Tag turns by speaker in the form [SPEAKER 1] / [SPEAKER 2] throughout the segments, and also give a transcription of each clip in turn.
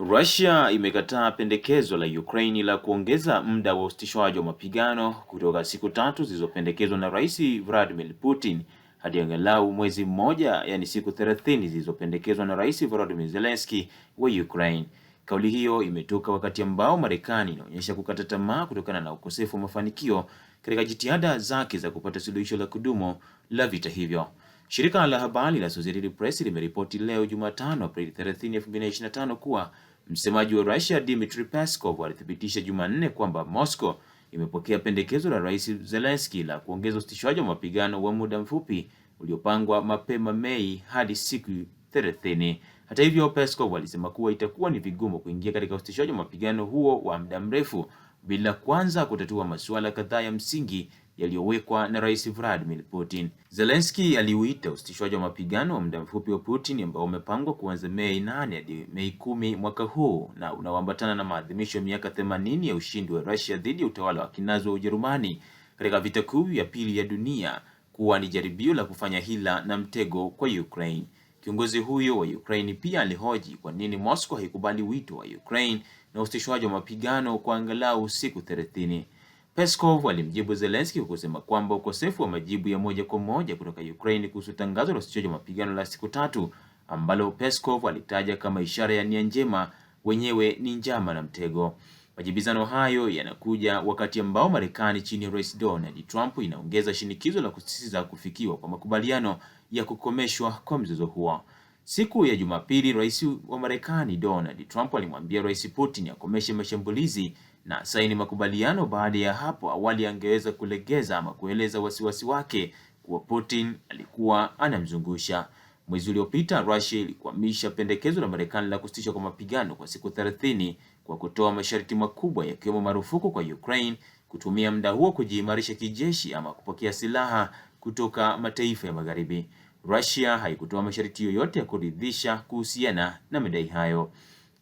[SPEAKER 1] Russia imekataa pendekezo la Ukraine la kuongeza muda wa usitishwaji wa mapigano kutoka siku tatu zilizopendekezwa na Rais Vladimir Putin hadi angalau mwezi mmoja, yaani siku thelathini zilizopendekezwa na Rais Volodymyr Zelensky wa Ukraine. Kauli hiyo imetoka wakati ambao Marekani inaonyesha kukata tamaa kutokana na ukosefu wa mafanikio katika jitihada zake za kupata suluhisho la kudumu la vita hivyo. Shirika la habari la Associated Press limeripoti leo Jumatano Aprili 30, 2025 kuwa msemaji wa Russia Dmitry Peskov alithibitisha Jumanne kwamba Moscow imepokea pendekezo la Rais Zelensky la kuongeza usitishaji wa mapigano wa muda mfupi uliopangwa mapema Mei hadi siku 30. Hata hivyo, Peskov alisema kuwa itakuwa ni vigumu kuingia katika usitishwaji wa mapigano huo wa muda mrefu bila kwanza kutatua masuala kadhaa ya msingi yaliyowekwa na Rais Vladimir Putin. Zelensky aliuita usitishwaji wa mapigano wa muda mfupi wa Putin ambao umepangwa kuanza Mei 8 hadi Mei kumi mwaka huu na unaoambatana na maadhimisho ya miaka 80 ya ushindi wa Russia dhidi ya utawala wa kinazi wa Ujerumani katika vita kuu ya pili ya dunia kuwa ni jaribio la kufanya hila na mtego kwa Ukraine. Kiongozi huyo wa Ukraine pia alihoji kwa nini Moscow haikubali wito wa Ukraine na usitishwaji wa mapigano kwa angalau siku 30. Peskov alimjibu Zelensky kwa kusema kwamba ukosefu wa majibu ya moja kwa moja kutoka Ukraine kuhusu tangazo la usitishaji mapigano la siku tatu ambalo Peskov alitaja kama ishara ya nia njema, wenyewe ni njama na mtego. Majibizano hayo yanakuja wakati ambao Marekani chini ya Rais Donald Trump inaongeza shinikizo la kusisitiza kufikiwa kwa makubaliano ya kukomeshwa kwa mzozo huo. Siku ya Jumapili, Rais wa Marekani Donald Trump alimwambia Rais Putin akomeshe mashambulizi na saini makubaliano baada ya hapo awali angeweza kulegeza ama kueleza wasiwasi wake kuwa Putin alikuwa anamzungusha. Mwezi uliopita Russia ilikwamisha pendekezo la Marekani la kusitishwa kwa mapigano kwa siku 30 kwa kutoa masharti makubwa yakiwemo marufuku kwa Ukraine kutumia muda huo kujiimarisha kijeshi ama kupokea silaha kutoka mataifa ya Magharibi. Russia haikutoa masharti yoyote ya kuridhisha kuhusiana na madai hayo.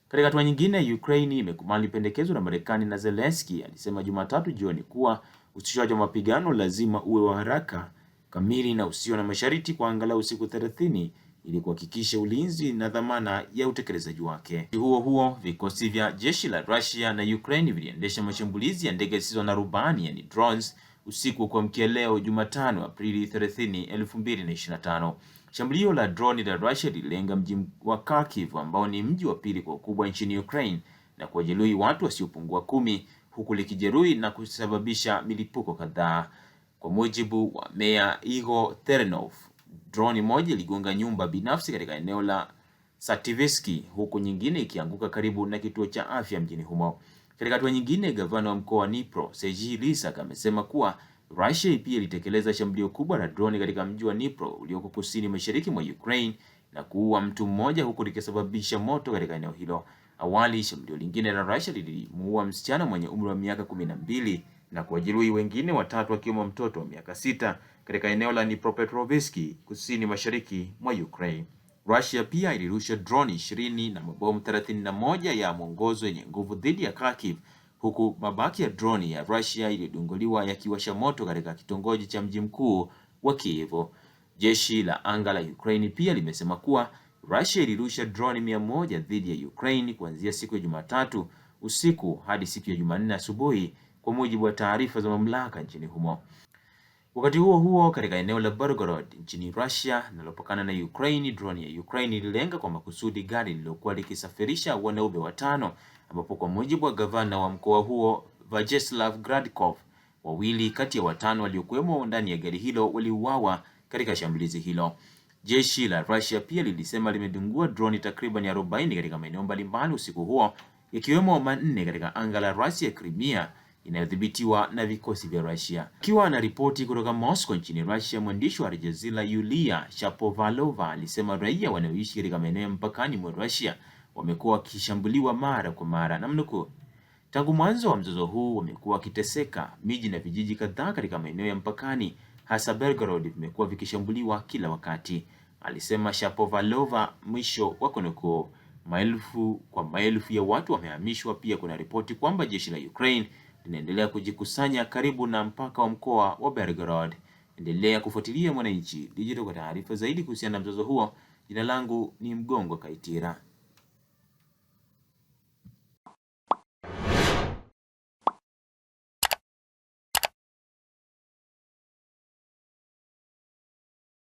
[SPEAKER 1] Katika hatua nyingine, Ukraine imekubali pendekezo la Marekani na Zelensky alisema Jumatatu jioni kuwa usitishaji wa mapigano lazima uwe wa haraka, kamili na usio na masharti kwa angalau siku 30 ili kuhakikisha ulinzi na dhamana ya utekelezaji wake. Huo huo, vikosi vya jeshi la Russia na Ukraine viliendesha mashambulizi ya ndege zisizo na rubani yani drones usiku wa kuamkia leo Jumatano Aprili 30, 2025. Shambulio la droni la Russia lililenga mji wa Kharkiv ambao ni mji wa pili kwa ukubwa nchini Ukraine na kuwajeruhi watu wasiopungua kumi huku likijeruhi na kusababisha milipuko kadhaa. Kwa mujibu wa meya Igor Ternov, droni moja iligonga nyumba binafsi katika eneo la Sativisky huku nyingine ikianguka karibu na kituo cha afya mjini humo. Katika hatua nyingine, gavana wa mkoa wa Dnipro, Serhiy Lysak amesema kuwa Russia pia ilitekeleza shambulio kubwa la droni katika mji wa Dnipro ulioko kusini mashariki mwa Ukraine na kuua mtu mmoja huku likisababisha moto katika eneo hilo. Awali, shambulio lingine la Russia lilimuua msichana mwenye umri wa miaka kumi na mbili na kuwajeruhi wengine watatu akiwemo mtoto wa miaka sita katika eneo la Dnipropetrovsk kusini mashariki mwa Ukraine. Russia pia ilirusha droni ishirini na mabomu thelathini na moja ya mwongozo yenye nguvu dhidi ya Kharkiv huku mabaki ya droni ya Russia iliyodunguliwa yakiwasha moto katika kitongoji cha mji mkuu wa Kiev. Jeshi la anga la Ukraine pia limesema kuwa Russia ilirusha droni mia moja dhidi ya Ukraine kuanzia siku ya Jumatatu usiku hadi siku ya Jumanne asubuhi kwa mujibu wa taarifa za mamlaka nchini humo. Wakati huo huo, katika eneo la Belgorod nchini Russia linalopakana na Ukraine, droni ya Ukraine ililenga kwa makusudi gari lililokuwa likisafirisha wanaume watano ambapo kwa mujibu wa gavana wa mkoa huo Vyacheslav Gradkov, wawili kati ya watano waliokuwemo ndani ya gari hilo waliuawa katika shambulizi hilo. Jeshi la Russia pia lilisema limedungua droni takriban 40 katika maeneo mbalimbali usiku huo, ikiwemo manne katika anga la Russia Crimea inayodhibitiwa na vikosi vya Russia. Akiwa ripoti kutoka Moscow nchini Russia, mwandishi wa Al Yulia Shapovalova alisema raia wanaoishi katika maeneo ya mpakani mwa Russia wamekuwa wakishambuliwa mara kwa mara mnuku. tangu mwanzo wa mzozo huu wamekuwa wakiteseka. Miji na vijiji kadhaa katika maeneo ya mpakani, hasa Belgorod, vimekuwa vikishambuliwa kila wakati, alisema Shapovalova, mwisho wa kunukuu. Maelfu kwa maelfu ya watu wamehamishwa. Pia kuna ripoti kwamba jeshi la Ukraine linaendelea kujikusanya karibu na mpaka wa mkoa wa Belgorod. Endelea kufuatilia Mwananchi Digital kwa taarifa zaidi kuhusiana na mzozo huo. Jina langu ni Mgongo Kaitira.